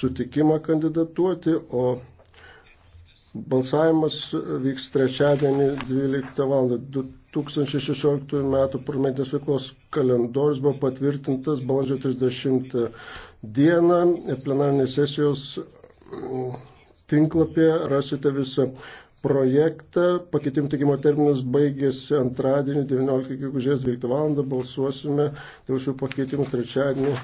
sutikimą kandidatuoti, o balsavimas vyks trečiadienį 12 val. 2016 m. parlamentės veiklos kalendorius buvo patvirtintas balandžio 30 dieną plenarinės sesijos tinklapyje rasite visą projektą. Pakeitimų teikimo terminas baigėsi antradienį 19 gegužės 12 val. Balsuosime dėl šių pakeitimų trečiadienį